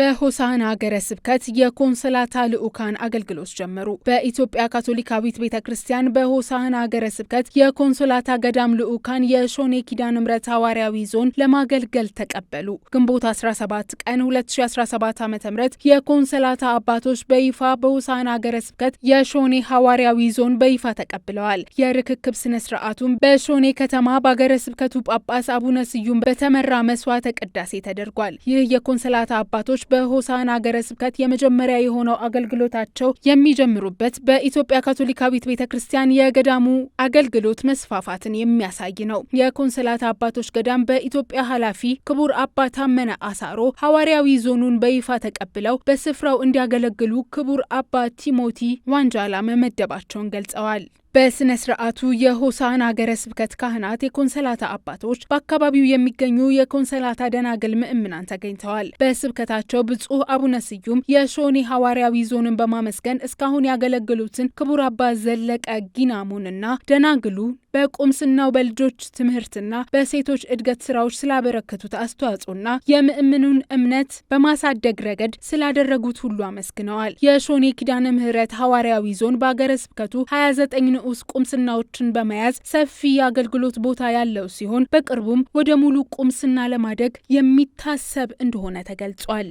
በሆሳና ሀገረ ስብከት የኮንሰላታ ልዑካን አገልግሎት ጀመሩ። በኢትዮጵያ ካቶሊካዊት ቤተ ክርስቲያን በሆሳና ሀገረ ስብከት የኮንሶላታ ገዳም ልዑካን የሾኔ ኪዳነ ምሕረት ሐዋርያዊ ዞን ለማገልገል ተቀበሉ። ግንቦት 17 ቀን 2017 ዓ ም የኮንሰላታ አባቶች በይፋ በሆሳና ሀገረ ስብከት የሾኔ ሐዋርያዊ ዞን በይፋ ተቀብለዋል። የርክክብ ስነ ስርዓቱም በሾኔ ከተማ በሀገረ ስብከቱ ጳጳስ አቡነ ስዩም በተመራ መስዋዕተ ቅዳሴ ተደርጓል። ይህ የኮንሰላታ አባቶች በሆሳና ሀገረ ስብከት የመጀመሪያ የሆነው አገልግሎታቸው የሚጀምሩበት በኢትዮጵያ ካቶሊካዊት ቤተ ክርስቲያን የገዳሙ አገልግሎት መስፋፋትን የሚያሳይ ነው። የኮንሰላት አባቶች ገዳም በኢትዮጵያ ኃላፊ ክቡር አባ ታመነ አሳሮ ሐዋርያዊ ዞኑን በይፋ ተቀብለው በስፍራው እንዲያገለግሉ ክቡር አባ ቲሞቲ ዋንጃላ መመደባቸውን ገልጸዋል። በስነ ስርዓቱ የሆሳን ሀገረ ስብከት ካህናት፣ የኮንሰላታ አባቶች፣ በአካባቢው የሚገኙ የኮንሰላታ ደናግል ምእምናን ተገኝተዋል። በስብከታቸው ብፁዕ አቡነ ስዩም የሾኔ ሐዋርያዊ ዞንን በማመስገን እስካሁን ያገለግሉትን ክቡር አባ ዘለቀ ጊናሙንና ደናግሉ በቁምስናው በልጆች ትምህርትና በሴቶች እድገት ስራዎች ስላበረከቱት አስተዋጽኦና የምእምኑን እምነት በማሳደግ ረገድ ስላደረጉት ሁሉ አመስግነዋል። የሾኔ ኪዳነ ምሕረት ሐዋርያዊ ዞን በአገረ ስብከቱ 29 ንዑስ ቁምስናዎችን በመያዝ ሰፊ የአገልግሎት ቦታ ያለው ሲሆን በቅርቡም ወደ ሙሉ ቁምስና ለማደግ የሚታሰብ እንደሆነ ተገልጿል።